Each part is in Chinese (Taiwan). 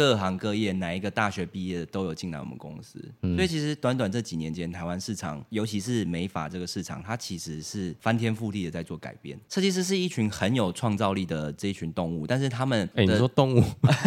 各行各業，哪一個大學畢業的都有進來我們公司，所以其實短短這幾年間，台灣市場，尤其是美髮這個市場，它其實是翻天覆地的在做改變。設計師是一群很有創造力的這一群動物，但是他們，哎、欸，你說動物，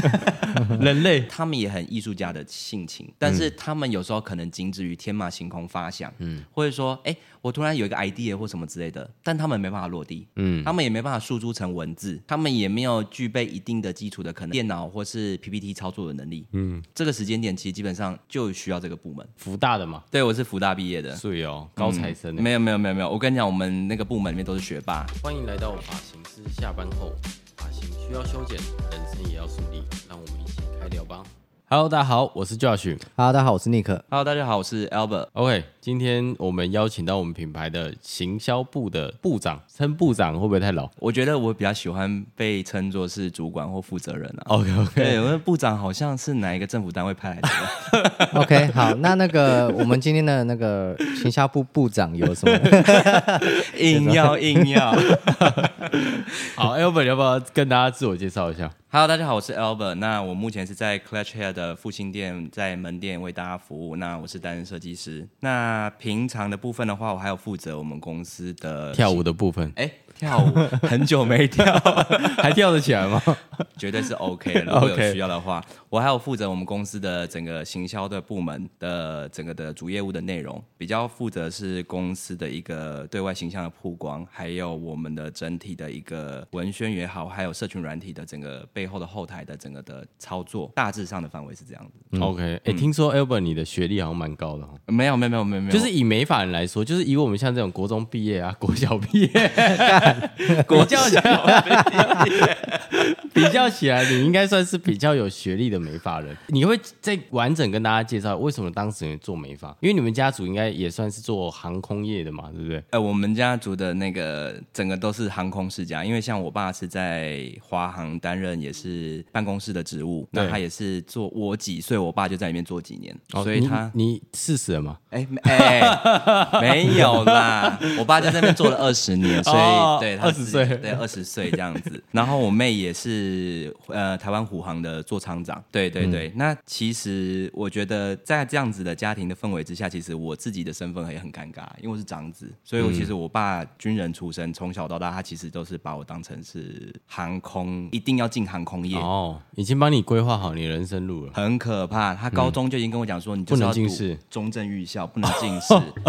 人類，他們也很藝術家的性情，但是他們有時候可能僅止於天馬行空發想，嗯，或者說，哎、欸，我突然有一個 idea 或什麼之類的，但他們沒辦法落地，嗯，他們也沒辦法輸出成文字，他們也沒有具備一定的基礎的可能電腦或是 PPT。操作的能力，嗯，這個時間點其實基本上就需要這個部門。輔大的嘛？對，我是輔大畢業的，所以哦。高材生。沒、嗯、有沒有沒有沒有，我跟你講，我們那個部門裡面都是學霸。歡迎來到我髮型師下班後，髮型需要修剪，人生也要樹立，讓我們一起開聊吧。Hello，大家好，我是 Josh。Hello，大家好，我是 Nick。Hello，大家好，我是 Albert。OK。今天我們邀請到我們品牌的行銷部的部長，稱部長會不會太老？我覺得我比較喜歡被稱作是主管或負責人啊。OK OK，我們部長好像是哪一個政府單位派來的 ？OK，好，那那個 我們今天的那個行銷部部長有什麼？ 硬要硬要。 好，Albert， 要不要跟大家自我介紹一下？Hello，大家好，我是 Albert。那我目前是在 Klatch hair 的復興店，在門店為大家服務。那我是擔任設計師。那那平常的部分的話，我還有負責我們公司的跳舞的部分。哎、欸。跳舞很久沒跳。 還跳得起來嗎？絕對是 OK 的。如果有需要的話，okay. 我還有負責我們公司的整個行銷的部門的整個的主業務的內容，比較負責是公司的一個對外形象的曝光，還有我們的整體的一個文宣也好，還有社群軟體的整個背後的後台的整個的操作，大致上的範圍是這樣子。嗯、OK，哎、欸，嗯，聽說 Albert 你的學歷好像蠻高的哈，沒有沒有沒有沒有，就是以美法人來說，就是以我們像這種國中畢業啊，國小畢業。 比較起來，比較起來， 起來你應該算是比較有學歷的美髮人。你會再完整跟大家介紹為什麼當時你做美髮？因為你們家族應該也算是做航空業的嘛，對不對？哎、呃，我們家族的那個整個都是航空世家，因為像我爸是在華航擔任也是辦公室的職務，那他也是做我幾歲，我爸就在裡面做幾年，所以他，哦、你四十了嗎？哎、欸，沒、欸欸、沒有啦， 我爸在那邊做了二十年，所以。哦 Oh, 對，二十歲，對，二十歲這樣子。 然後我妹也是，呃，台灣虎航的座艙長。對對對、嗯。那其實我覺得，在這樣子的家庭的氛圍之下，其實我自己的身份也很尷尬，因為我是長子，所以我其實我爸軍人出身，從、嗯、小到大他其實都是把我當成是航空，一定要進航空業。哦、oh，已經幫你規劃好你人生路了。很可怕，他高中就已經跟我講說，嗯、你就是要中正，不能進中正預校，不能進，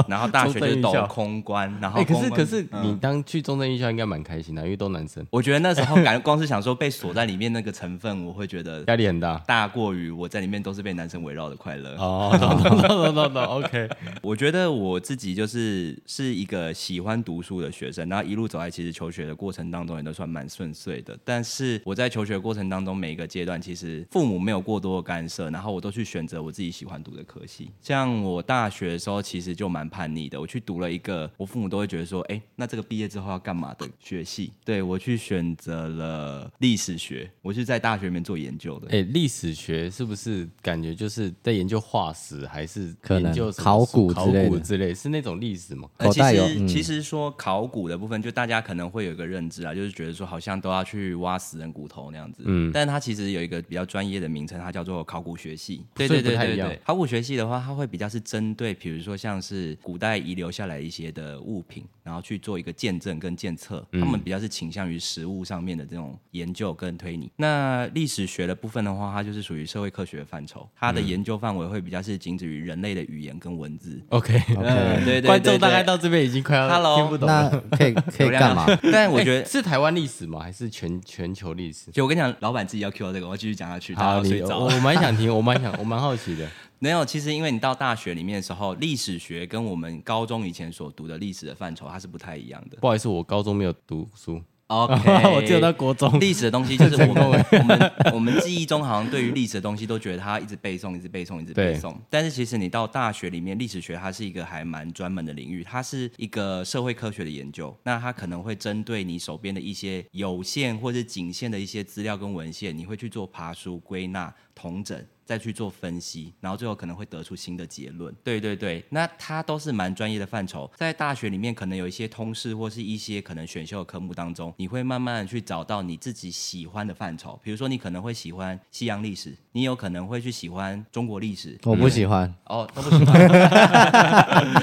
然後大學就讀空關， 然後。哎、欸，可是可是、嗯、你當去中正預。應該蠻開心的，因為都男生。我覺得那時候感覺光是想說被鎖在裡面那個成分， 我會覺得壓力很大，大過於我在裡面都是被男生圍繞的快樂。哦，懂懂懂懂懂，OK。 我覺得我自己就是是一個喜歡讀書的學生，然後一路走來，其實求學的過程當中也都算蠻順遂的。但是我在求學過程當中每一個階段，其實父母沒有過多的干涉，然後我都去選擇我自己喜歡讀的科系。像我大學的時候，其實就蠻叛逆的，我去讀了一個我父母都會覺得說，哎、欸，那這個畢業之後要幹嘛？的學系，對我去選擇了歷史學，我是在大學裡面做研究的。哎、欸，歷史學是不是感覺就是在研究化石，還是可能就考古、考古之類？是那種歷史嗎？呃、其實、嗯，其實說考古的部分，就大家可能會有一個認知啦，就是覺得說好像都要去挖死人骨頭那樣子。嗯，但它其實有一個比較專業的名稱，它叫做考古學系。對對對對對，考古學系的話，它會比較是針對，比如說像是古代遺留下來一些的物品，然後去做一個見證跟鑑。測，他們比較是傾向於實物上面的這種研究跟推理。那歷史學的部分的話，它就是屬於社會科學的範疇，它的研究範圍會比較是僅止於人類的語言跟文字。OK，OK，嗯，對對對對。觀眾大概到這邊已經快要聽不懂了，Hello, 那可以可以幹嘛？ 但我覺得、欸、是台灣歷史嗎，還是全全球歷史？就我跟你講，老板自己要 Cue 到這個，我要繼續講下去睡着了。好，你我蠻想聽，我蠻想，我蠻好奇的。 沒有，其實因為你到大學裡面的時候，歷史學跟我們高中以前所讀的歷史的範疇，它是不太一樣的。不好意思，我高中沒有讀書，哦、okay, 我只有到國中。歷史的東西就是我們 我們我們記憶中好像對於歷史的東西都覺得它一直背誦，一直背誦，一直背誦。但是其實你到大學裡面，歷史學它是一個還蠻專門的領域，它是一個社會科學的研究。那它可能會針對你手邊的一些有限或者僅限的一些資料跟文獻，你會去做爬書、歸納、統整。再去做分析，然後最後可能會得出新的結論。對對對，那它都是蠻專業的範疇。在大學裡面，可能有一些通識或是一些可能選修的科目當中，你會慢慢去找到你自己喜歡的範疇。比如說，你可能會喜歡西洋歷史，你有可能會去喜歡中國歷史。我不喜歡。嗯、哦，都不喜歡。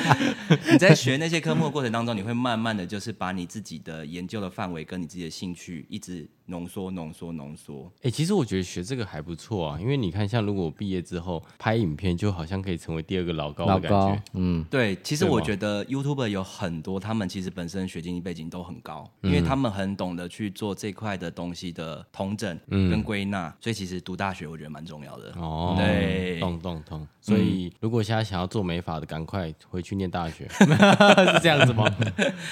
你在學那些科目的過程當中，你會慢慢的就是把你自己的研究的範圍跟你自己的興趣一直。濃縮濃縮濃縮！哎，其實我覺得學這個還不錯啊，因為你看，像如果我畢業之後拍影片，就好像可以成為第二個老高。老高，嗯，對。其實我覺得 YouTuber 有很多，他們其實本身學經濟背景都很高，嗯，因為他們很懂得去做這塊的東西的統整跟歸納，嗯。所以其實讀大學我覺得蠻重要的。哦，對，懂懂懂。所以如果現在想要做美髮的，趕快回去念大學。 是這樣子嗎？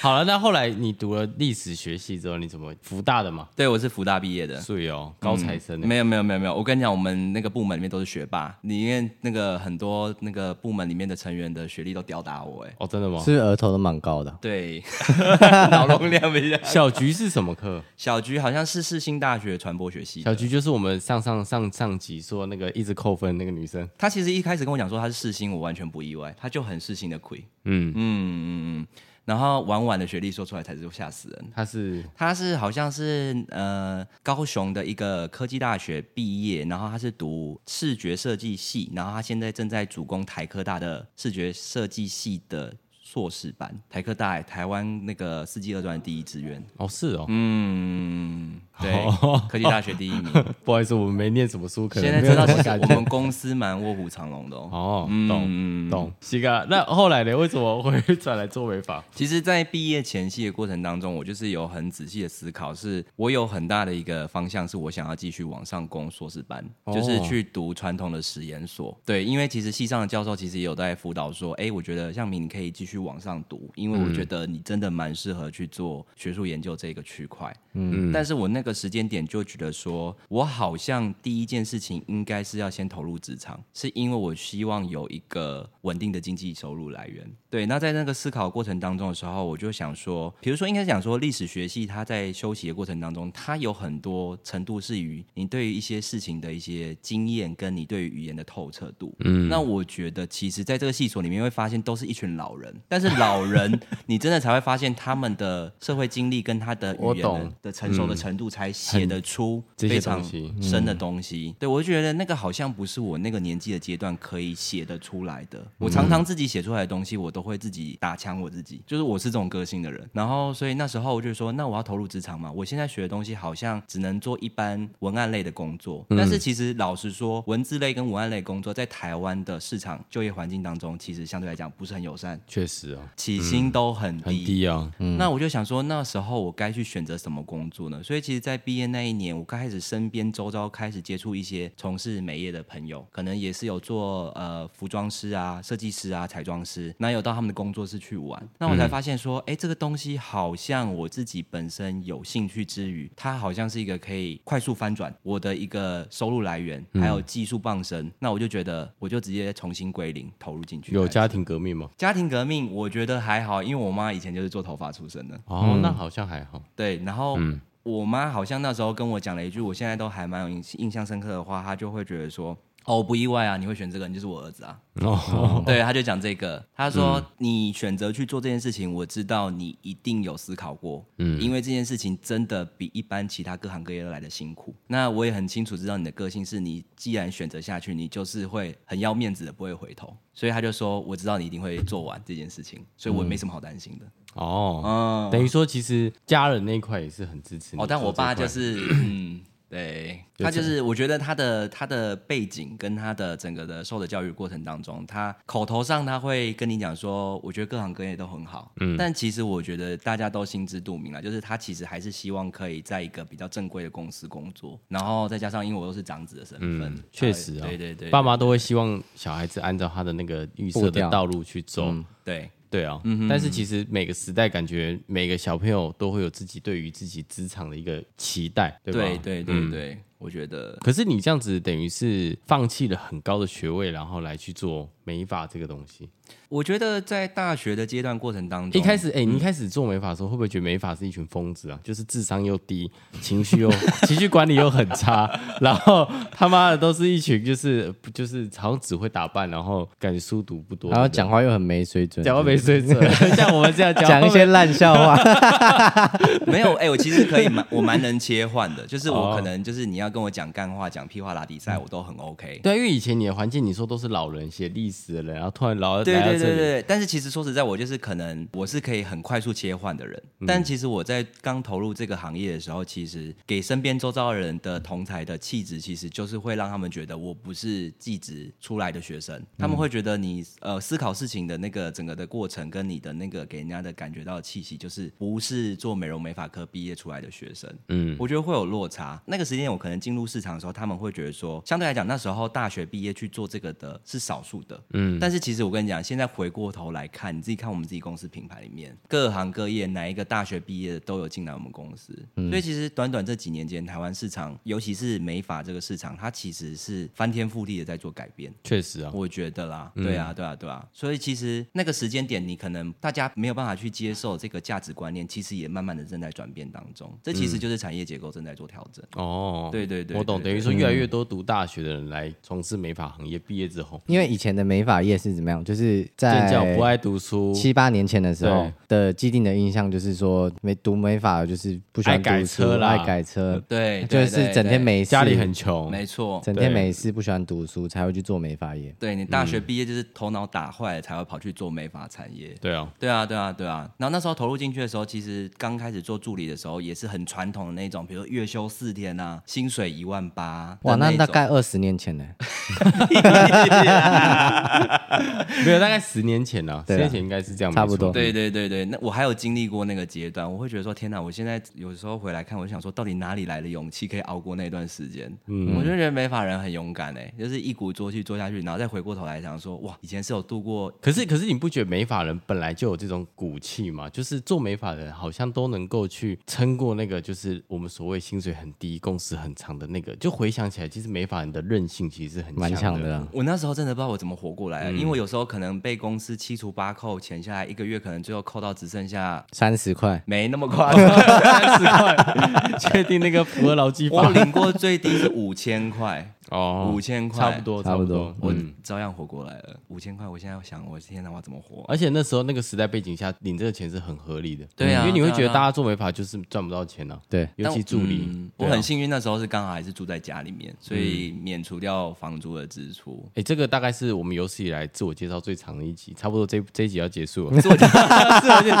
好了，那後來你讀了歷史學系之後，你怎麼輔大的嘛？對，我是。輔大畢業的，所哦、嗯，高材生，那個。沒有沒有沒有沒有，我跟你講，我們那個部門裡面都是學霸，裡面那個很多那個部門裡面的成員的學歷都吊打我。哎，哦，真的嗎？是，是額頭都蠻高的，對，腦容量比較大。小菊是什麼科？小菊好像是世新大學傳播學系。小菊就是我們上上上上集說那個一直扣分那個女生。她其實一開始跟我講說她是世新，我完全不意外，她就很世新的葵，嗯嗯嗯。嗯嗯然後婉婉的學歷說出來才是嚇死人。他是他是好像是呃高雄的一個科技大學畢業，然後他是讀視覺設計系，然後他現在正在主攻台科大的視覺設計系的碩士班。台科大台灣那個四技二專第一志願。哦，是哦，嗯。對、哦，科技大學第一名。哦哦、不好意思，我們沒念什麼書，可能現在知道我們公司蠻臥虎藏龍的哦。懂、哦嗯、懂。西哥，那後來呢？為什麼會轉來做美髮？其實，在畢業前夕的過程當中，我就是有很仔細的思考是，是我有很大的一個方向，是我想要繼續往上攻碩士班，哦、就是去讀傳統的實驗所。對，因為其實系上的教授其實也有在輔導說，哎、欸，我覺得像明你，你可以繼續往上讀，因為我覺得你真的蠻適合去做學術研究這個區塊。嗯，但是我那個。的時間點就覺得說，我好像第一件事情應該是要先投入職場，是因為我希望有一個穩定的經濟收入來源。對，那在那個思考過程當中的時候，我就想說，比如說，應該講說歷史學系，它在休息的過程當中，它有很多程度是與你對於一些事情的一些經驗，跟你對於語言的透徹度。嗯，那我覺得，其實，在這個系所裡面，會發現都是一群老人。但是老人， 你真的才會發現他們的社會經歷跟他的語言的成熟的程度才。嗯才寫得出非常深的東西，東西嗯、對，我就覺得那個好像不是我那個年紀的階段可以寫得出來的，嗯。我常常自己寫出來的東西，我都會自己打槍我自己，就是我是這種個性的人。然後，所以那時候我就說，那我要投入職場嘛。我現在學的東西好像只能做一般文案類的工作，嗯、但是其實老實說，文字類跟文案類工作在台灣的市場就業環境當中，其實相對來講不是很友善。確實啊、哦，起薪都很低、很低、嗯哦嗯。那我就想說，那時候我該去選擇什麼工作呢？所以其實，在在畢業那一年，我剛開始身邊周遭開始接觸一些從事美業的朋友，可能也是有做呃服裝師啊、設計師啊、彩妝師，那有到他們的工作室去玩，那我才發現說，哎、嗯欸，這個東西好像我自己本身有興趣之餘，它好像是一個可以快速翻轉我的一個收入來源，還有技術傍身、嗯，那我就覺得我就直接重新歸零投入進去。有家庭革命嗎？家庭革命我覺得還好，因為我媽以前就是做頭髮出身的哦、嗯，那好像還好。對，然後嗯。我媽好像那時候跟我講了一句，我現在都還蠻有印印象深刻的話，她就會覺得說，哦、oh,，不意外啊，你會選這個，你就是我兒子啊。哦、oh.，對，他就講這個，他說、嗯、你選擇去做這件事情，我知道你一定有思考過，嗯，因為這件事情真的比一般其他各行各業都來的辛苦。那我也很清楚知道你的個性，是你既然選擇下去，你就是會很要面子的，不會回頭。所以他就說，我知道你一定會做完這件事情，所以我也沒什麼好擔心的。哦、嗯，oh, 嗯，等於說其實家人那一塊也是很支持你。哦，但我爸就是，嗯。 對他就是，我覺得他的他的背景跟他的整個的受的教育過程當中，他口頭上他會跟你講說，我覺得各行各業都很好，嗯，但其實我覺得大家都心知肚明了，就是他其實還是希望可以在一個比較正規的公司工作，然後再加上因為我都是長子的身份，確實啊，對對對，對，對，對，對，對，對，爸媽都會希望小孩子按照他的那個預設的道路去走，嗯，對。對啊、哦嗯，但是其實每個時代，感覺每個小朋友都會有自己對於自己職場的一個期待，對吧？對對對對。對嗯對對對我覺得，可是你這樣子等於是放棄了很高的學位，然後來去做美髮這個東西。我覺得在大學的階段過程當中，欸、一開始，哎、欸，你一開始做美髮的時候、嗯，會不會覺得美髮是一群瘋子啊？就是智商又低，情緒又情緒管理又很差， 然後他媽的都是一群就是就是好像只會打扮，然後感覺書讀不多，然後講話又很沒水準，講話沒水準， 像我們這樣講一些爛笑話。 沒有，哎、欸，我其實可以蠻我蠻能切換的，就是我可能就是你要。跟我講幹話、講屁話打、打比賽，我都很 OK。對，因為以前你的環境，你說都是老人寫歷史的人，然後突然老了，對對對,對,對但是其實說實在，我就是可能我是可以很快速切換的人、嗯。但其實我在剛投入這個行業的時候，其實給身邊周遭的人的同台的氣質，其實就是會讓他們覺得我不是技職出來的學生、嗯。他們會覺得你呃思考事情的那個整個的過程，跟你的那個給人家的感覺到的氣息，就是不是做美容美髮科畢業出來的學生。嗯，我覺得會有落差。那個時間我可能。進入市場的時候，他們會覺得說，相對來講，那時候大學畢業去做這個的是少數的。嗯，但是其實我跟你講，現在回過頭來看，你自己看我們自己公司品牌裡面，各行各業哪一個大學畢業的都有進來我們公司。嗯。所以其實短短這幾年間，台灣市場，尤其是美髮這個市場，它其實是翻天覆地的在做改變。確實啊，我覺得啦對啊。嗯，對啊，對啊，對啊，對啊。所以其實那個時間點，你可能大家沒有辦法去接受這個價值觀念，其實也慢慢的正在轉變當中。這其實就是產業結構正在做調整。嗯。哦，對。對對對對對對，我懂，等於說越來越多讀大學的人來從事美髮行業。畢、嗯、業之後，因為以前的美髮業是怎麼樣？就是在教不愛讀書，七八年前的時候的既定的印象就是說，沒讀美髮就是不喜歡改車啦，愛改車，對，對，就是整天沒事，家裡很窮，沒錯，整天沒事不喜歡讀書，才會去做美髮業。對，對、嗯、你大學畢業就是頭腦打壞了，才會跑去做美髮產業。對啊、哦，對啊，對啊，對啊。然後那時候投入進去的時候，其實剛開始做助理的時候也是很傳統的那種，比如說月休四天啊，薪水。對一萬八哇，那大概二十年前呢， 沒有，大概十年前了、啊，十年前應該是這樣，差不多，對對對對。那我還有經歷過那個階段，我會覺得說，天哪，我現在有時候回來看，我就想說，到底哪裡來的勇氣可以熬過那段時間？嗯，我就覺得美髮人很勇敢嘞、欸，就是一鼓作氣做下去，然後再回過頭來想說，哇，以前是有度過，可是可是你不覺得美髮人本來就有這種骨氣嗎？就是做美髮人好像都能夠去撐過那個，就是我們所謂薪水很低，公司很。場的那個，就回想起來，其實美髮人的韌性其實是很強的。我那時候真的不知道我怎麼活過來、嗯，因為有時候可能被公司七除八扣，錢下來一個月，可能最後扣到只剩下三十塊，沒那麼誇張，三十塊。確 定那個符合勞基法？我領過最低是五千塊。 哦、oh，，五千塊差不多，差不多、嗯，我照樣活過來了。五千塊，5, 我現在要想，我天哪，我怎麼活、啊？而且那時候那個時代背景下，領這個錢是很合理的。對啊，因為你會覺得大家做美髮，就是賺不到錢呢、啊。對，尤其助理，我，嗯啊、我很幸運那時候是剛好還是住在家裡面，所以免除掉房租的支出。哎、嗯欸，這個大概是我們有史以來自我介紹最長的一集，差不多這一這一集要結束了。 我 自我介紹完，是我介紹這一集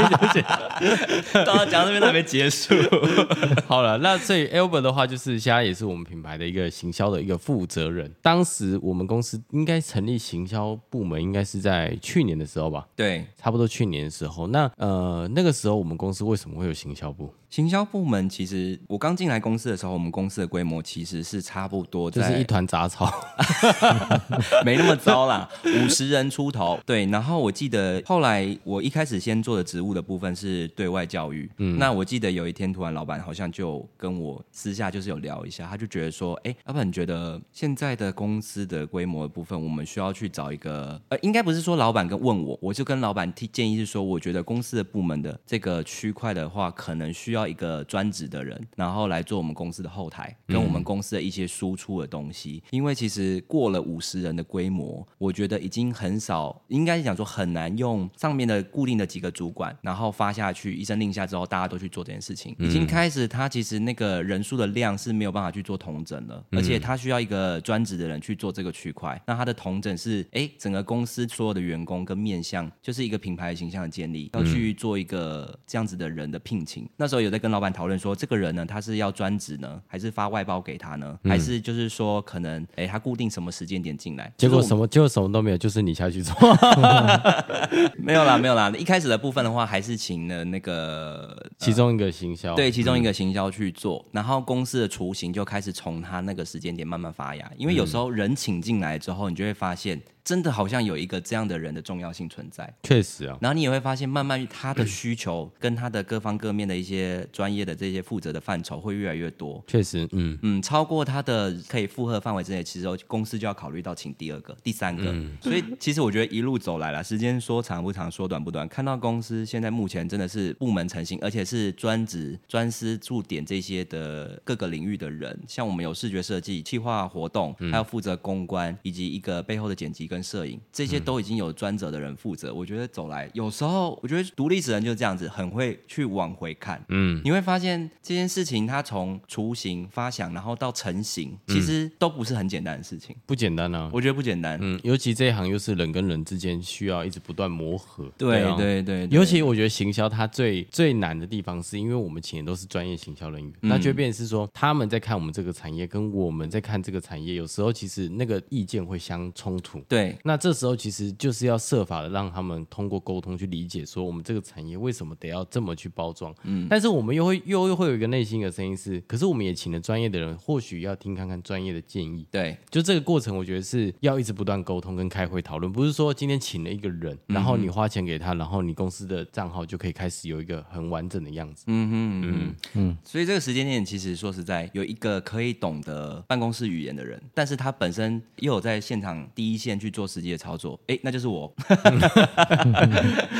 要結束了， 到這邊還沒結束。 好了，那所以 Albert 的話就是現在也是我們品牌的一個行銷。的一個負責人，當時我們公司應該成立行銷部門，應該是在去年的時候吧？對，差不多去年的時候。那呃，那個時候我們公司為什麼會有行銷部？行銷部門，其實我剛進來公司的時候，我們公司的規模其實是差不多，就是一團雜草， 沒那麼糟啦，五 十人出頭。對，然後我記得後來我一開始先做的職務的部分是對外教育。嗯，那我記得有一天突然老闆好像就跟我私下就是有聊一下，他就覺得說，哎、欸，老闆。我覺得現在的公司的規模的部分，我們需要去找一個呃，應該不是說老板跟問我，我就跟老板提建議是說，我覺得公司的部門的這個區塊的話，可能需要一個專職的人，然後來做我們公司的後台跟我們公司的一些輸出的東西。嗯、因為其實過了五十人的規模，我覺得已經很少，應該是講說很難用上面的固定的幾個主管，然後發下去一聲令下之後，大家都去做這件事情，嗯、已經開始，他其實那個人數的量是沒有辦法去做統整了，嗯、而且。他需要一個專職的人去做這個區塊，那他的統整是哎，整個公司所有的員工跟面向，就是一個品牌形象的建立，要去做一個這樣子的人的聘請。嗯、那時候有在跟老板討論說，這個人呢，他是要專職呢，還是發外包給他呢、嗯，還是就是說可能哎，他固定什麼時間點進來？結果什麼、就是、結果什麼都沒有，就是你下去做， 沒有啦，沒有啦。一開始的部分的話，還是請了那個、呃、其中一個行銷，對，其中一個行銷去做，嗯、然後公司的雛形就開始從他那個時間。點慢慢發芽，因為有時候人請進來之後，你就會發現。真的好像有一個這樣的人的重要性存在，確實啊。然後你也會發現，慢慢他的需求跟他的各方各面的一些專業的這些負責的範疇會越來越多，確實，嗯嗯，超過他的可以負荷範圍之內，其實公司就要考慮到請第二個、第三個、嗯。所以其實我覺得一路走來了，時間說長不長，說短不短，看到公司現在目前真的是部門成型，而且是專職、專司駐點這些的各個領域的人。像我們有視覺設計、企劃活動，還要負責公關以及一個背後的剪輯。跟攝影這些都已經有專責的人負責，嗯。我覺得走來有時候，我覺得讀歷史的人就是這樣子，很會去往回看。嗯，你會發現這件事情它從雛形發想，然後到成型，其實都不是很簡單的事情。不簡單啊，我覺得不簡單。嗯，尤其這一行又是人跟人之間需要一直不斷磨合對對，哦。對對對，尤其我覺得行銷它最最難的地方，是因為我們請的都是專業行銷人員，嗯，那就變成是說他們在看我們這個產業，跟我們在看這個產業，有時候其實那個意見會相衝突。對。那這時候其實就是要設法的讓他們通過溝通去理解，說我們這個產業為什麼得要這麼去包裝。嗯，但是我們又會又又會有一個內心的聲音是，可是我們也請了專業的人，或許要聽看看專業的建議。對，就這個過程，我覺得是要一直不斷溝通跟開會討論，不是說今天請了一個人、嗯，然後你花錢給他，然後你公司的賬號就可以開始有一個很完整的樣子。嗯哼嗯嗯。所以這個時間點其實說實在，有一個可以懂得辦公室語言的人，但是他本身又有在現場第一線去。做實際的操作，哎，欸，那就是我。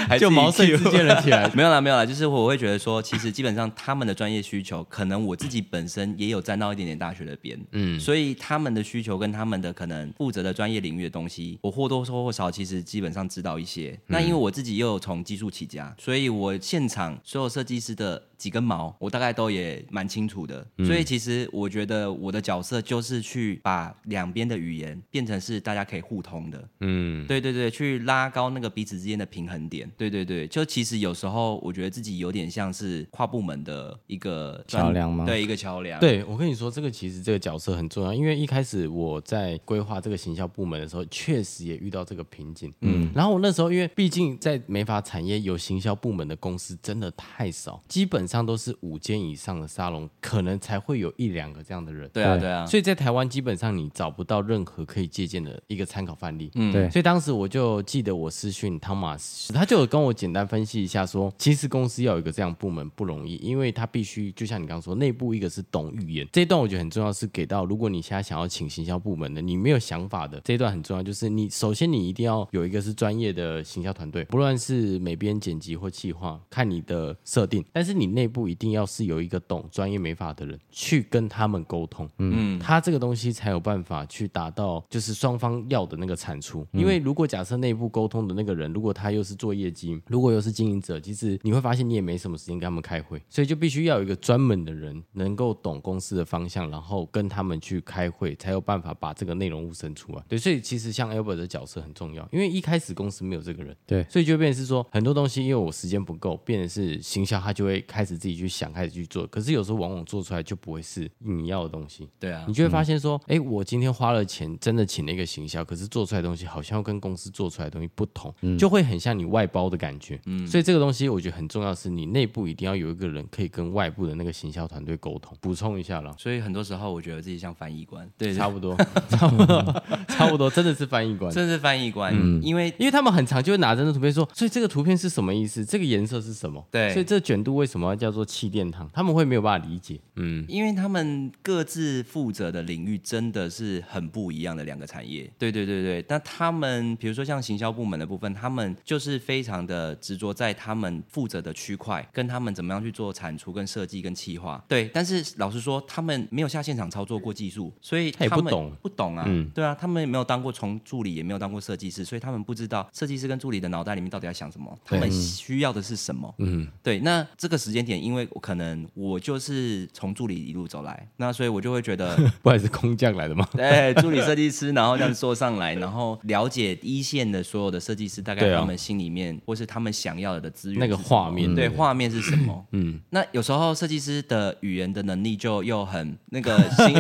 就毛遂自薦了起來。 沒有啦，沒有啦，就是我會覺得說，其實基本上他們的專業需求，可能我自己本身也有沾到一點點大學的邊，嗯，所以他們的需求跟他們的可能負責的專業領域的東西，我或多或少、或多或少，其實基本上知道一些。那因為我自己又從技術起家，所以我現場所有設計師的幾根毛，我大概都也蠻清楚的，所以其實我覺得我的角色就是去把兩邊的語言變成是大家可以互通的，嗯，對對對，去拉高那個彼此之間的平衡點，對對對，就其實有時候我覺得自己有點像是跨部門的一個橋梁嗎？對，一個橋梁。對，我跟你說，這個其實這個角色很重要，因為一開始我在規劃這個行銷部門的時候，確實也遇到這個瓶頸，嗯，然後我那時候因為畢竟在美髮產業有行銷部門的公司真的太少，基本上。上都是五間以上的沙龍，可能才會有一兩個這樣的人。對啊，對啊。所以在台灣，基本上你找不到任何可以借鑑的一個參考範例。嗯，對。所以當時我就記得我私訊湯馬斯，Thomas, 他就有跟我簡單分析一下說，說其實公司要有一個這樣部門不容易，因為他必須就像你剛剛說，內部一個是懂語言這一段，我覺得很重要，是給到如果你現在想要請行銷部門的，你沒有想法的這一段很重要，就是你首先你一定要有一個是專業的行銷團隊，不論是美編、剪輯或企劃，看你的設定，但是你內。內部一定要是有一個懂專業美髮的人去跟他們溝通，嗯，他這個東西才有辦法去達到就是雙方要的那個產出。因為如果假設內部溝通的那個人，如果他又是做業績，如果又是經營者，其實你會發現你也沒什麼時間跟他們開會，所以就必須要有一個專門的人能夠懂公司的方向，然後跟他們去開會，才有辦法把這個內容物生出來。對，所以其實像 Albert 的角色很重要，因為一開始公司沒有這個人，對，所以就變成是說很多東西因為我時間不夠，變成是行銷他就會開始。自己去想，開始去做，可是有時候往往做出來就不會是你要的東西。對啊，你就會發現說，哎、嗯欸，我今天花了錢，真的請了一個行銷，可是做出來的東西好像跟公司做出來的東西不同、嗯，就會很像你外包的感覺。嗯，所以這個東西我覺得很重要，是你內部一定要有一個人可以跟外部的那個行銷團隊溝通。補充一下了。所以很多時候我覺得自己像翻譯官，對，對，對，差不多，差不多， 差不多，真的是翻譯官，真的是翻譯官。嗯，因為因為他們很常就會拿着那圖片說，所以這個圖片是什麼意思？這個顏色是什麼？對，所以這捲度為什麼？叫做氣墊燙，他們會沒有辦法理解，嗯，因為他們各自負責的領域真的是很不一樣的兩個產業，對對對對。那他們比如說像行銷部門的部分，他們就是非常的執着在他們負責的區塊，跟他們怎麼樣去做產出、跟設計、跟企劃，對。但是老實說，他們沒有下現場操作過技術，所以他們不懂、啊，不懂啊、嗯，對啊，他們沒有當過從助理，也沒有當過設計師，所以他們不知道設計師跟助理的腦袋裡面到底在想什麼，他們需要的是什麼，嗯，對。那這個時間。點，因為我可能我就是從助理一路走來，那所以我就會覺得，呵呵不還是空降來的嗎？對，助理設計師，然後讓你坐上來， 然後了解一線的所有的設計師，大概、啊、他們心裡面或是他們想要的資源，那個畫面對對，對，畫面是什麼？嗯，那有時候設計師的語言的能力就又很那個心，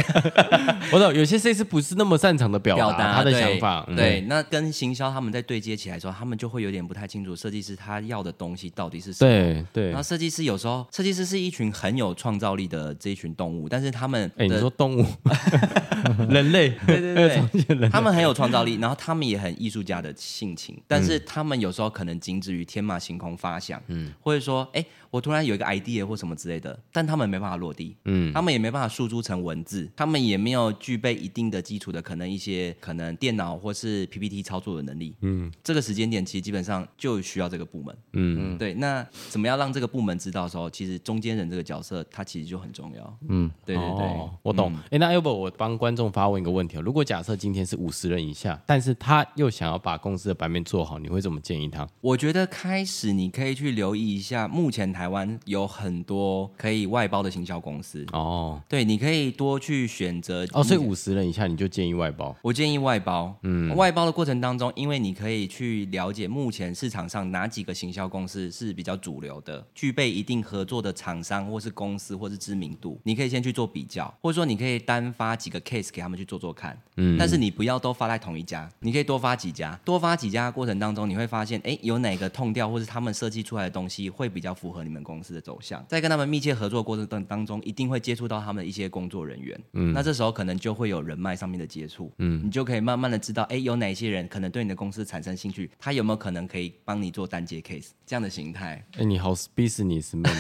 不 懂。 有些設計師不是那麼擅長的表達他的想法對、嗯，對，那跟行銷他們在對接起來的時候，他們就會有點不太清楚設計師他要的東西到底是什麼。對對，那設計師有時候。設計師是一群很有創造力的這一群動物，但是他們，哎、欸，你說動物， 人類，對對對，他們很有創造力，然後他們也很藝術家的性情，嗯，但是他們有時候可能僅止於天馬行空發想，嗯，或者說，哎、欸。我突然有一個 idea 或什麼之類的，但他們沒辦法落地，嗯，他們也沒辦法輸出成文字，他們也沒有具備一定的基礎的可能一些可能電腦或是 PPT 操作的能力，嗯，這個時間點其實基本上就需要這個部門，嗯嗯，對，那怎麼樣讓這個部門知道的時候，其實中間人這個角色他其實就很重要，嗯，對對對，哦哦哦我懂。哎、嗯欸，那要不 e 我幫觀眾發問一個問題：如果假設今天是五十人以下，但是他又想要把公司的版面做好，你會怎麼建議他？我覺得開始你可以去留意一下目前台。台灣有很多可以外包的行銷公司哦，oh. 對，你可以多去選擇哦，oh, 所以五十人以下你就建議外包，我建議外包。嗯，外包的過程當中，因為你可以去了解目前市場上哪幾個行銷公司是比較主流的，具備一定合作的廠商或是公司，或是知名度，你可以先去做比較，或者說你可以單發幾個 case 給他們去做做看。嗯，但是你不要都發在同一家，你可以多發幾家，多發幾家過程當中，你會發現，哎、欸，有哪個痛點或是他們設計出來的東西會比較符合你們公司的走向，在跟他們密切合作過程當當中，一定會接觸到他們一些工作人員。嗯，那這時候可能就會有人脈上面的接觸。嗯，你就可以慢慢的知道，哎，有哪些人可能對你的公司產生興趣，他有沒有可能可以幫你做單接 case 這樣的形態。哎，你好 businessman，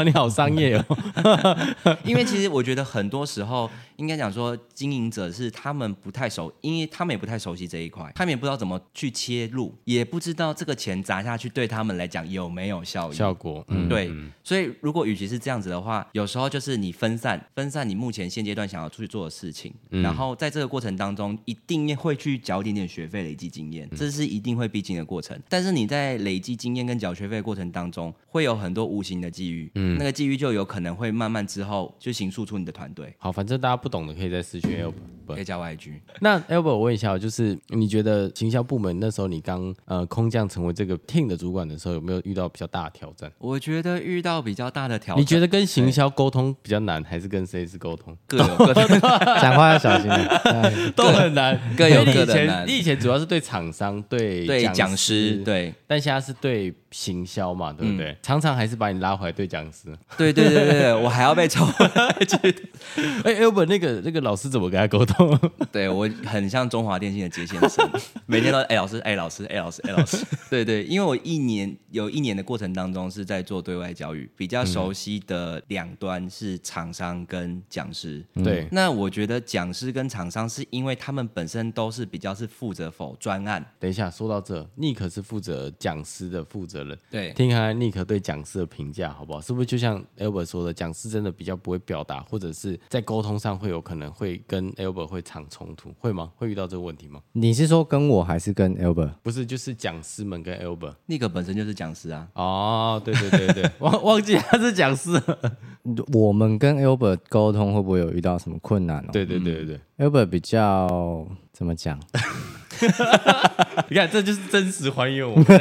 你， 你好商業哦。 因為其實我覺得很多時候。應該講說，經營者是他們不太熟，因為他們也不太熟悉這一塊，他們也不知道怎麼去切入，也不知道這個錢砸下去對他們來講有沒有效益。效果，嗯、對、嗯。所以如果與其是這樣子的話，有時候就是你分散，分散你目前現階段想要出去做的事情，嗯。然後在這個過程當中，一定會去繳一點點學費，累積經驗，這是一定會必經的過程，嗯。但是你在累積經驗跟繳學費的過程當中，會有很多無形的際遇。嗯，那個際遇就有可能會慢慢之後就形塑出你的團隊。好，反正大家不。懂的可以在私訊，可以加 Y G。那 Albert，我問一下，就是你覺得行銷部門那時候你剛呃空降成為這個 team 的主管的時候，有沒有遇到比較大的挑戰？我覺得遇到比較大的挑戰。你覺得跟行銷溝通比較難，還是跟 C S 溝通各有各的？ 講話要小心、啊，都很難，各有各的你以， 以前主要是對廠商、對對講師、對，但現在是對。行銷嘛，對不對、嗯？常常還是把你拉回來對講師。對對對對對， 我還要被抽。 哎，哎、欸、不，我那個 那個老師怎麼跟他溝通？對，我很像中華電信的接線生， 每天都哎老師哎老師哎老師哎老師。對對，因為我一年有一年的過程當中是在做對外教育，比較熟悉的兩端是廠商跟講師。對、嗯嗯，那我覺得講師跟廠商是因為他們本身都是比較是負責 for 專案。等一下，說到這，你可是負責講師的負責。對，聽看才 Nick 對講師的評價，好不好？是不是就像 Albert 說的，講師真的比較不會表達，或者是在溝通上會有可能會跟 Albert 會常衝突，會嗎？會遇到這個問題嗎？你是說跟我，還是跟 Albert？不是，就是講師們跟 Albert、嗯、Nick 本身就是講師啊。哦，對對對對，忘忘記他是講師。 我們跟 Albert 溝通會不會有遇到什麼困難、哦？對對對對，對、嗯、Albert 比較怎麼講？ 你看，這就是真實還原我們的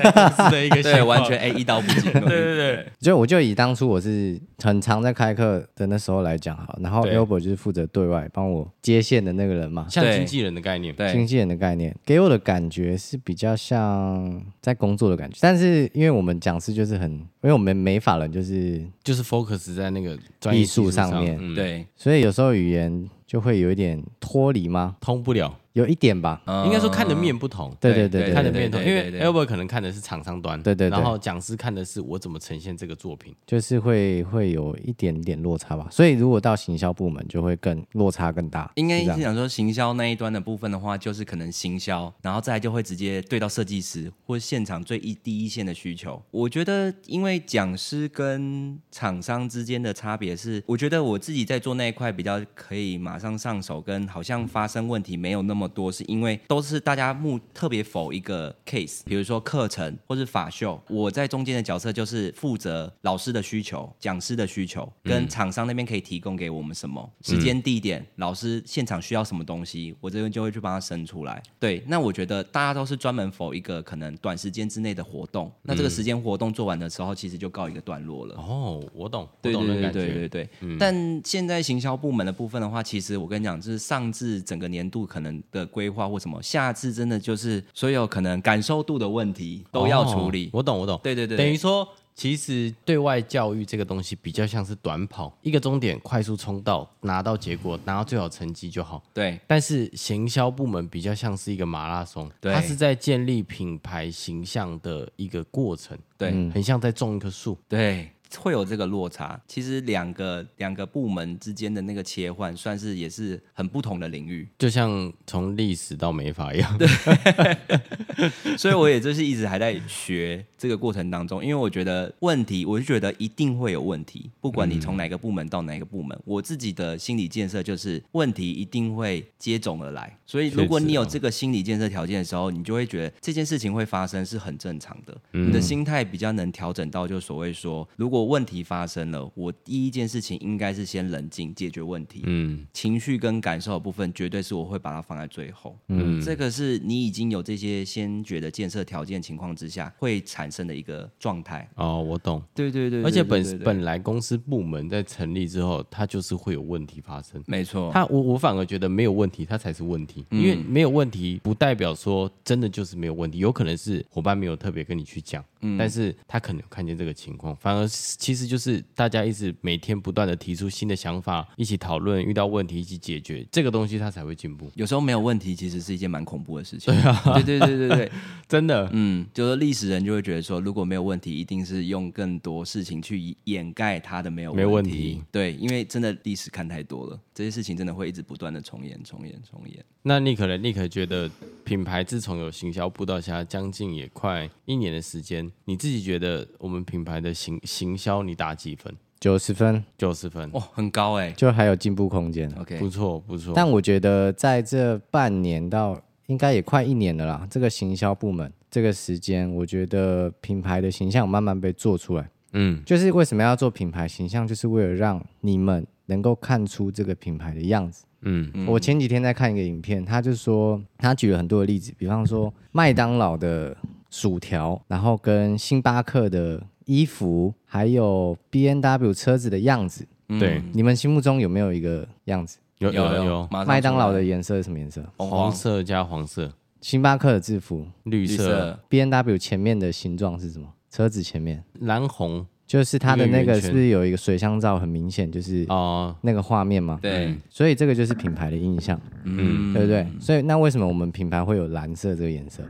一個 對，完全 A、欸、一刀不剪。 對對對，對就，就我就以當初我是很常在開課的那時候來講好，然後 Albert 就是負責對外幫我接線的那個人嘛，像經紀人的概念，對經紀人的概念給我的感覺是比較像在工作的感覺，但是因為我們講師就是很，因為我們美髮人就是就是 focus 在那個藝術上面、嗯，對，所以有時候語言就會有一點脫離嗎？通不了。有一點吧，嗯、應該說看的面不同，對對對，看的面因為 Albert 可能看的是廠商端，對對、對，然後講師看的是我怎麼呈現這個作品，就是會會有一點點落差吧。所以如果到行銷部門就會更落差更大。嗯、應該是想說行銷那一端的部分的話，就是可能行銷，然後再就會直接對到設計師或現場最一第一線的需求。我覺得因為講師跟廠商之間的差別是，我覺得我自己在做那一塊比較可以馬上上手，跟好像發生問題沒有那麼。多是因為都是大家目特別 for 一個 case，比如說課程或是法秀，我在中間的角色就是負責老師的需求、講師的需求跟廠商那邊可以提供給我們什麼、嗯、時間、地點、老師現場需要什麼東西，我這邊就會去幫他生出來。對，那我覺得大家都是專門 for 一個可能短時間之內的活動，那這個時間活動做完的時候，其實就告一個段落了。嗯、哦，我懂，我懂了，對對對對。嗯、但現在行銷部門的部分的話，其實我跟你講，就是上至整個年度可能。的規劃或什麼，下次真的就是所有可能感受度的問題都要處理。哦哦，我懂，我懂。對對對，等於說，其實對外教育這個東西比較像是短跑，一個終點，快速衝到拿到結果，拿到最好成績就好。對。但是行銷部門比較像是一個馬拉松，它是在建立品牌形象的一個過程。對，嗯，很像在種一棵樹。對。會有這個落差。其實，兩個兩個部門之間的那個切換，算是也是很不同的領域，就像從歷史到美髮一樣。對， 所以我也就是一直還在學這個過程當中，因為我覺得問題，我就覺得一定會有問題，不管你從哪個部門到哪個部門，嗯、我自己的心理建設就是問題一定會接踵而來。所以如果你有這個心理建設條件的時候，哦、你就會覺得這件事情會發生是很正常的，嗯、你的心態比較能調整到就所謂說如果。如果問題發生了，我第一件事情應該是先冷靜解決問題。嗯，情緒跟感受的部分，絕對是我會把它放在最後。嗯，這個是你已經有這些先決的建設條件情況之下，會產生的一個狀態。哦，我懂。對對對，而且本對對對對對本來公司部門在成立之後，它就是會有問題發生。沒錯。他我我反而覺得沒有問題，它才是問題。嗯，因為沒有問題，不代表說真的就是沒有問題，有可能是夥伴沒有特別跟你去講。嗯，但是他可能有看見這個情況，反而。其實就是大家一直每天不斷的提出新的想法，一起討論，遇到問題一起解決，這個東西它才會進步。有時候沒有問題，其實是一件蠻恐怖的事情。對啊，對對對對對，對， 真的。嗯，就是歷史人就會覺得說，如果沒有問題，一定是用更多事情去掩蓋它的沒有問題，沒問題。對，因為真的歷史看太多了，這些事情真的會一直不斷的重演、重演、重演。那你可能立刻覺得品牌自從有行銷部到現在將近也快一年的時間，你自己覺得我們品牌的行行銷你打幾分？九十分，九十分，哦。很高哎，就還有進步空間。OK，不錯不錯。但我覺得在這半年到應該也快一年了啦，這個行銷部門這個時間，我覺得品牌的形象慢慢被做出來。嗯，就是為什麼要做品牌形象，就是為了讓你們。能夠看出這個品牌的樣子。嗯，我前幾天在看一個影片，他就說他舉了很多的例子，比方說麥當勞的薯條，然後跟星巴克的衣服，還有 BMW 車子的樣子。嗯。對，你們心目中有沒有一個樣子？有有有，有。麥當勞的顏色是什麼顏色？紅色加黃色。星巴克的制服綠色，綠色。BMW 前面的形狀是什麼？車子前面藍紅。就是它的那個是不是有一個水箱罩很明顯，就是哦那個畫面嘛，對、嗯，所以這個就是品牌的印象，嗯，對不對？所以那為什麼我們品牌會有藍色這個顏色？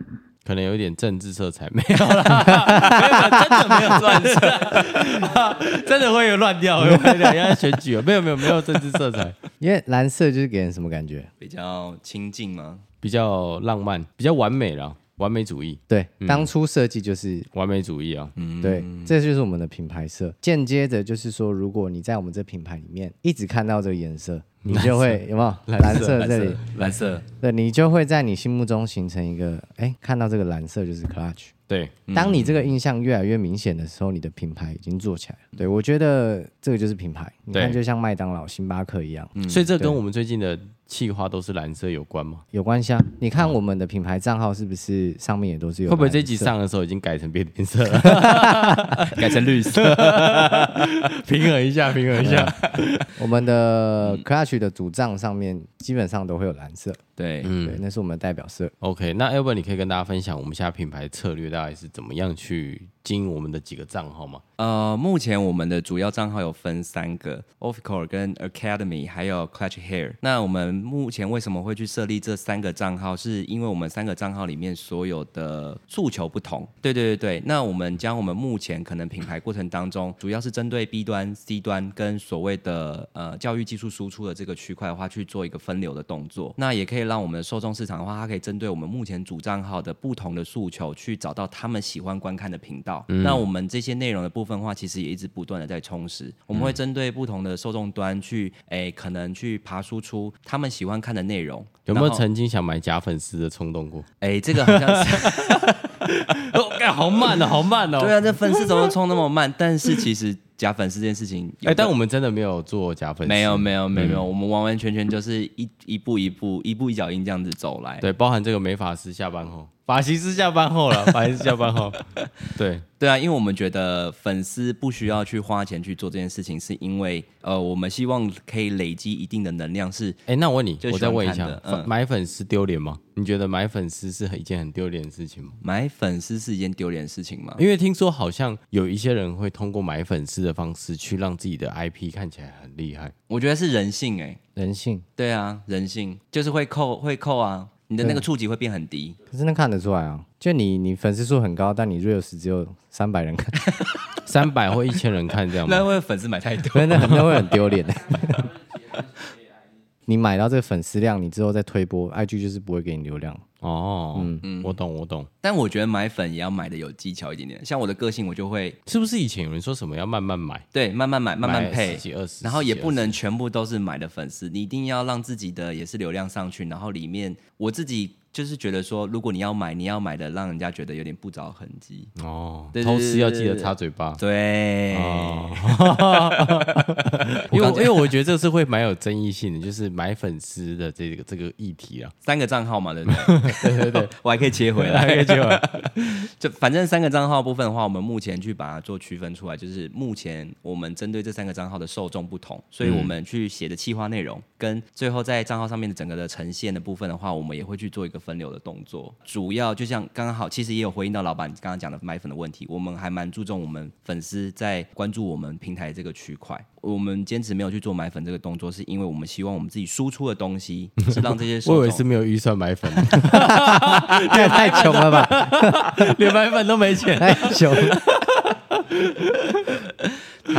可能有一點政治色彩沒有啦，真的沒有藍色，真的會有亂掉，有沒？有因為選舉啊，沒有沒有沒有政治色彩，因為藍色就是給人什麼感覺？比較清靜嗎？比較浪漫，比較完美了。完美主義，對，嗯、當初設計就是完美主義啊、嗯，對，這就是我們的品牌色。間、嗯、接的，就是說，如果你在我們這品牌裡面一直看到這個顏色，你就會有沒有藍色，藍色，藍色這裡藍色，對你就會在你心目中形成一個，誒、欸。看到這個藍色就是 Klatch 對，當你這個印象越來越明顯的時候，你的品牌已經做起來了，對我覺得這個就是品牌，你看就像麥當勞、星巴克一樣、嗯，所以這跟我們最近的。氣劃都是藍色有關嗎？有關係啊！你看我們的品牌賬號是不是上面也都是有？會不會這一集上的時候已經改成別的顏色了？ 改成綠色， 平衡一下，平衡一下。我們的 Klatch 的主賬上面基本上都會有藍色，對，對，嗯、對那是我們的代表色。OK，那 Albert 你可以跟大家分享我們現在品牌的策略大概是怎麼樣去？經營我們的幾個賬號嗎？呃，目前我們的主要賬號有分三個 official 跟 academy，還有 Klatch hair。那我們目前為什麼會去設立這三個賬號？是因為我們三個賬號裡面所有的訴求不同。對對對對。那我們將我們目前可能品牌過程當中，主要是針對 B 端、C 端跟所謂的呃教育技術輸出的這個區塊的話，去做一個分流的動作。那也可以讓我們的受眾市場的話，它可以針對我們目前主賬號的不同的訴求，去找到他們喜歡觀看的頻道。嗯、那我們這些內容的部分的話，其實也一直不斷的在充實。我們會針對不同的受眾端去，哎、欸，可能去爬輸出他們喜歡看的內容。有沒有曾經想買假粉絲的衝動過？哎、欸，這個好像是。 哦欸、好慢哦，好慢哦。對啊，這粉絲怎麼衝那麼慢？但是其實假粉絲這件事情有有，哎、欸，但我們真的沒有做假粉絲，沒有，沒有，沒有，沒、嗯、有。我們完完全全就是一一步一步，一步一腳印這樣子走來。對，包含這個美髮師下班後。髮型師下班後了，髮型師下班後。 對對啊，因為我們覺得粉絲不需要去花錢去做這件事情，是因為呃，我們希望可以累積一定的能量是。是、欸、哎，那我問你，我再問一下，嗯、買粉絲丟臉嗎？你覺得買粉絲是一件很丟臉的事情嗎？買粉絲是一件丟臉的事情嗎？因為聽說好像有一些人會通過買粉絲的方式去讓自己的 IP 看起來很厲害。我覺得是人性哎、欸，人性對啊，人性就是會扣會扣啊。你的那個觸及會變很低，可是能看得出來啊！就你，你粉絲數很高，但你 real 只有三百人看，三 百或一千人看這樣 那那，那會粉絲買太多，那那會很丟臉的。你買到這個粉絲量，你之後再推播 IG 就是不會給你流量。哦，嗯嗯，我懂、嗯、我懂，但我覺得買粉也要買的有技巧一點點，像我的個性我就會，是不是以前有人說什麼要慢慢買？對，慢慢買，慢慢配，然後也不能全部都是買的粉絲，你一定要讓自己的也是流量上去，然後裡面我自己。就是覺得說，如果你要買，你要買的讓人家覺得有點不着痕跡哦。偷吃、就是、要記得擦嘴巴。對，哦、 因為我 因為我覺得這是會蠻有爭議性的，就是買粉絲的這個這個議題啊。三個賬號嘛，對不對, 對,對對， 我還可以切回來，切回來。就反正三個賬號部分的話，我們目前去把它做區分出來，就是目前我們針對這三個賬號的受眾不同，所以我們去寫的企劃內容、嗯、跟最後在賬號上面的整個的呈現的部分的話，我們也會去做一個。分流的動作，主要就像剛剛好，其實也有回應到老闆剛剛講的買粉的問題。我們還蠻注重我們粉絲在關注我們平台這個區塊。我們堅持沒有去做買粉這個動作，是因為我們希望我們自己輸出的東西，是讓這些。 我以為是沒有預算買粉，這 也 太窮了吧， 連買粉都沒錢， 太窮窮了。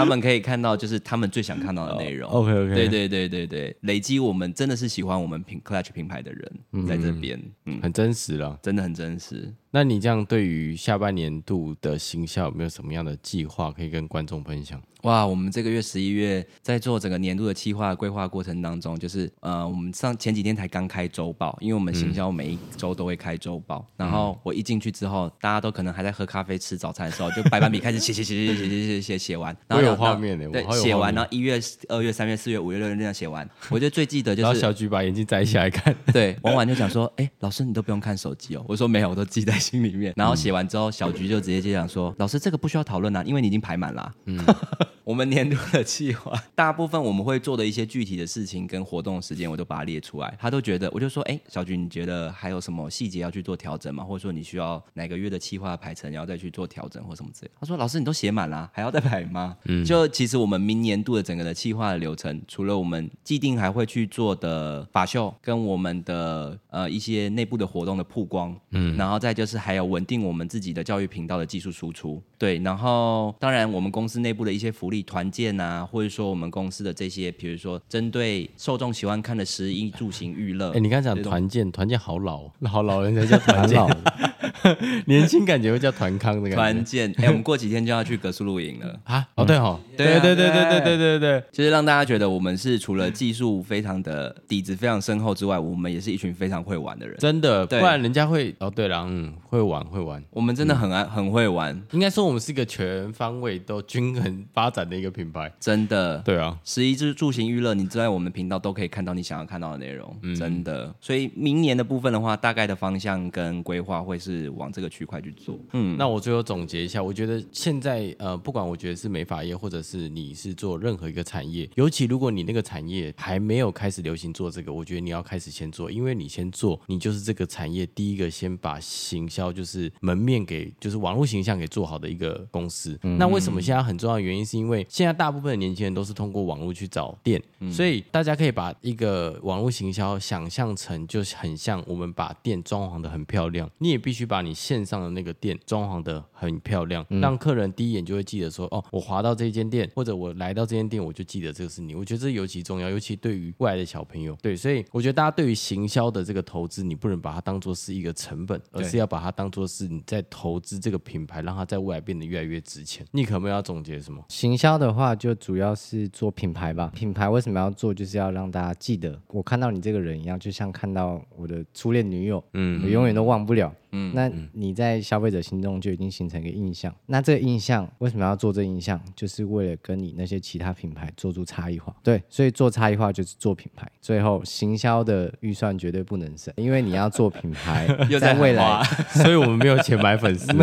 他們可以看到，就是他們最想看到的內容。Oh, okay okay. 對對對對對，累積我們真的是喜歡我們品 Klatch 品牌的人，在這邊，嗯，嗯，很真實了，真的很真實。那你這樣，對於下半年度的行銷有沒有什麼樣的計劃可以跟觀眾分享？哇，我們這個月十一月在做整個年度的計劃的規劃過程當中就是，呃，我們上前幾天才剛開週報，因為我們行銷每一周都會開周報、嗯、然後我一進去之後大家都可能還在喝咖啡吃早餐的時候、嗯、就白板筆，開始寫寫寫寫寫寫寫寫寫寫完 然後，然後我有畫面的、欸、對，寫完然後一月二月三月四月五月六月那樣寫完，我覺得最記得就是然後小菊把眼鏡摘起來看，對王婉就講說哎、 欸，老師你都不用看手機哦？我說沒有，我都記得心裡面，然後寫完之後，嗯、小菊就直接就想說：“老師，這個不需要討論啦，因為你已經排滿了、啊。嗯、 我們年度的計劃，大部分我們會做的一些具體的事情跟活動的時間，我都把它列出來。他都覺得，我就說，哎、欸，小菊，你覺得還有什麼細節要去做調整嗎？或者說你需要哪個月的計劃排程，然後再去做調整或什麼之類？他說：“老師，你都寫滿了、啊，還要再排嗎？”嗯，就其實我們明年度的整個的計劃的流程，除了我們既定還會去做的髮秀跟我們的呃一些內部的活動的曝光，嗯，然後再就是。是還有穩定我們自己的教育頻道的技術輸出，對，然後當然我們公司內部的一些福利團建啊，或者說我們公司的這些，比如說針對受眾喜歡看的食衣住行娛樂，哎、欸，你剛才講團建，團建好老、哦，好老人家叫團建。 年輕感覺會叫團康的感覺，團建。哎、欸，我們過幾天就要去格樹露營了啊！嗯、哦，yeah, 對哦，對對對對對對對對，就是讓大家覺得我們是除了技術非常的底子非常深厚之外，我們也是一群非常會玩的人。真的，不然人家會哦，對了，嗯，會玩會玩，我們真的很愛很會玩。嗯、應該說我們是一個全方位都均衡發展的一個品牌，真的。對啊，食衣住行娛樂，你在我們頻道都可以看到你想要看到的內容，嗯，真的。所以明年的部分的話，大概的方向跟規劃會是。往這個區塊去做。嗯，那我最後總結一下，我覺得現在呃，不管我覺得是美髮業，或者是你是做任何一個產業，尤其如果你那個產業還沒有開始流行做這個，我覺得你要開始先做，因為你先做，你就是這個產業第一個先把行銷就是門面給，就是網絡形象給做好的一個公司。嗯，那為什麼現在很重要的原因是因為現在大部分的年輕人都是通過網絡去找店，嗯，所以大家可以把一個網絡行銷想象成，就是很像我們把店裝潢的很漂亮，你也必須把。你線上的那個店裝潢得很漂亮，嗯，讓客人第一眼就會記得說哦，我滑到這間店，或者我來到這間店，我就記得這個是你。我覺得這尤其重要，尤其對於未來的小朋友。對，所以我覺得大家對於行銷的這個投資，你不能把它當做是一個成本，而是要把它當做是你在投資這個品牌，讓它在未來變得越來越值錢。你有沒有要總結什麼？行銷的話，就主要是做品牌吧。品牌為什麼要做？就是要讓大家記得我看到你這個人一樣，就像看到我的初戀女友，嗯，我永遠都忘不了。嗯，那你在消費者心中就已經形成一個印象。嗯、那這個印象為什麼要做這個印象？就是為了跟你那些其他品牌做出差異化。對，所以做差異化就是做品牌。最後，行銷的預算絕對不能省，因為你要做品牌， 又在未來， 所以我們沒有錢買粉絲，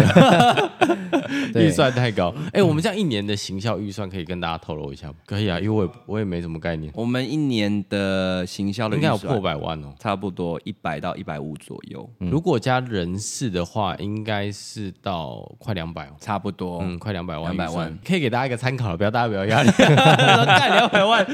預 算太高。哎、嗯欸，我們這樣一年的行銷預算可以跟大家透露一下嗎？可以啊，因為我也我也沒什麼概念。我們一年的行銷的預算應該有破百萬哦，差不多一百到一百五左右、嗯。如果家人人事的話，應該是到快兩百，差不多，嗯，快兩百萬，兩百萬，可以給大家一個參考了，不要大家不要壓力，賺兩百萬。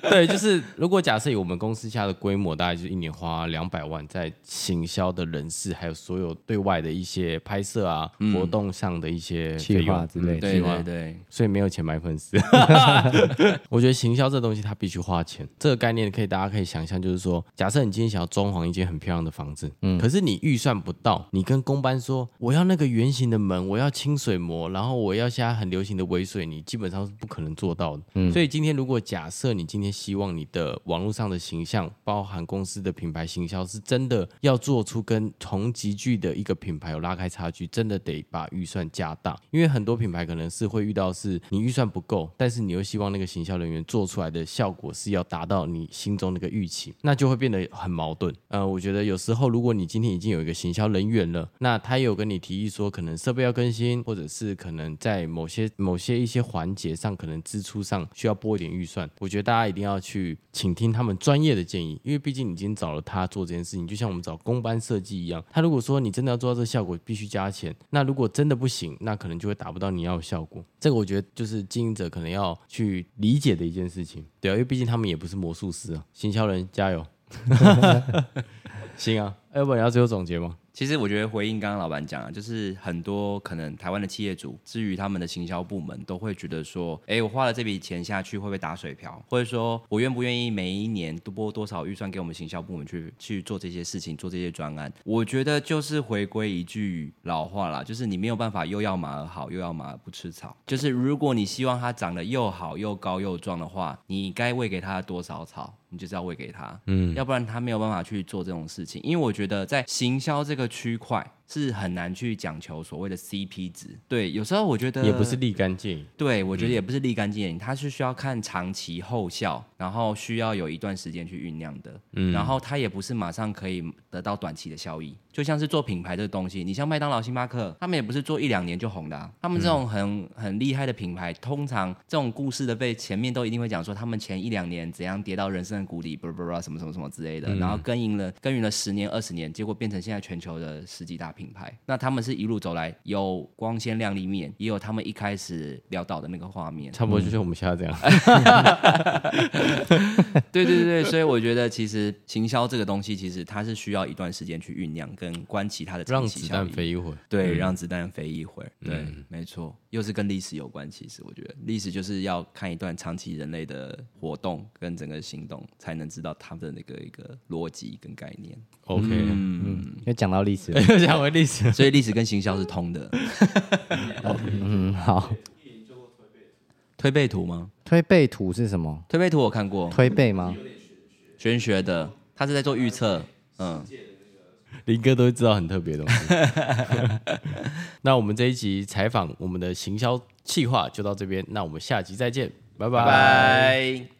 對，就是如果假設以我們公司下的規模，大概就是一年花兩百萬在行銷的人事，還有所有對外的一些拍攝啊、嗯、活動上的一些計劃之類、嗯。對對對，所以沒有錢買粉絲。 我覺得行銷這東西它必須花錢，這個概念可以大家可以想象，就是說，假設你今天想要裝潢一間很漂亮的房子，嗯，可是你預算不到。你跟工班說，我要那個圓形的門，我要清水模，然後我要現在很流行的微水泥，你基本上是不可能做到的。嗯。所以今天如果假設你今天希望你的網絡上的形象，包含公司的品牌形象，是真的要做出跟同級距的一個品牌有拉開差距，真的得把預算加大。因為很多品牌可能是會遇到是你預算不夠，但是你又希望那個行銷人員做出來的效果是要達到你心中那個預期，那就會變得很矛盾。呃，我覺得有時候如果你今天已經有一個行銷人員，遠了，那他也有跟你提議說，可能設備要更新，或者是可能在某些某些一些環節上，可能支出上需要撥一點預算。我覺得大家一定要去傾聽他們專業的建議，因為畢竟你已經找了他做這件事情，就像我們找工班設計一樣。他如果說你真的要做到這個效果，必須加錢。那如果真的不行，那可能就會達不到你要的效果。這個我覺得就是經營者可能要去理解的一件事情，對啊，因為畢竟他們也不是魔術師啊。行銷人加油， 行啊。要、欸、不然你要最後總結嗎？其實我覺得回應剛剛老闆講了，就是很多可能台灣的企業主，至於他們的行銷部門，都會覺得說，哎，我花了這筆錢下去會不會打水漂？或者說，我願不願意每一年多撥多少預算給我們行銷部門去去做這些事情，做這些專案？我覺得就是回歸一句老話啦，就是你沒有辦法又要馬兒好又要馬兒不吃草。就是如果你希望它長得又好又高又壯的話，你該餵給它多少草？你就是要餵給他，嗯，要不然他沒有辦法去做這種事情。因為我覺得在行銷這個區塊。是很難去講求所謂的 CP 值，對，有時候我覺得也不是立竿見影，對，我覺得也不是立竿見影，它是需要看長期後效，然後需要有一段時間去醞釀的、嗯，然後它也不是馬上可以得到短期的效益，就像是做品牌這個東西，你像麥當勞、星巴克，他們也不是做一兩年就紅的、啊，他們這種很、嗯、很厲害的品牌，通常這種故事的被前面都一定會講說，他們前一兩年怎樣跌到人生的谷底，不拉不拉什麼什麼什麼之類的，嗯、然後耕耘了耕耘了十年、二十年，結果變成現在全球的十幾大。品牌，那他們是一路走來，有光鮮亮麗面，也有他們一開始潦倒的那個畫面。差不多就是我們現在這樣。 對對對，所以我覺得其實行銷這個東西，其實它是需要一段時間去醞釀跟關其它的長期效應。讓子彈飛一會，對，讓子彈飛一會兒。對，嗯對嗯、沒錯，又是跟歷史有關。其實我覺得歷史就是要看一段長期人類的活動跟整個行動，才能知道它的那個一個邏輯跟概念。OK，嗯，要、嗯、講到歷史了，要講回歷史了，所以歷史跟行銷是通的。 嗯, okay, 嗯，好。推背推背圖嗎？推背圖是什麼？推背圖我看過，推背嗎？玄學，學的，他是在做預測。嗯，那個、林哥都會知道很特別的東西。 那我們這一集採訪我們的行銷企劃就到這邊，那我們下集再見，拜拜。拜拜。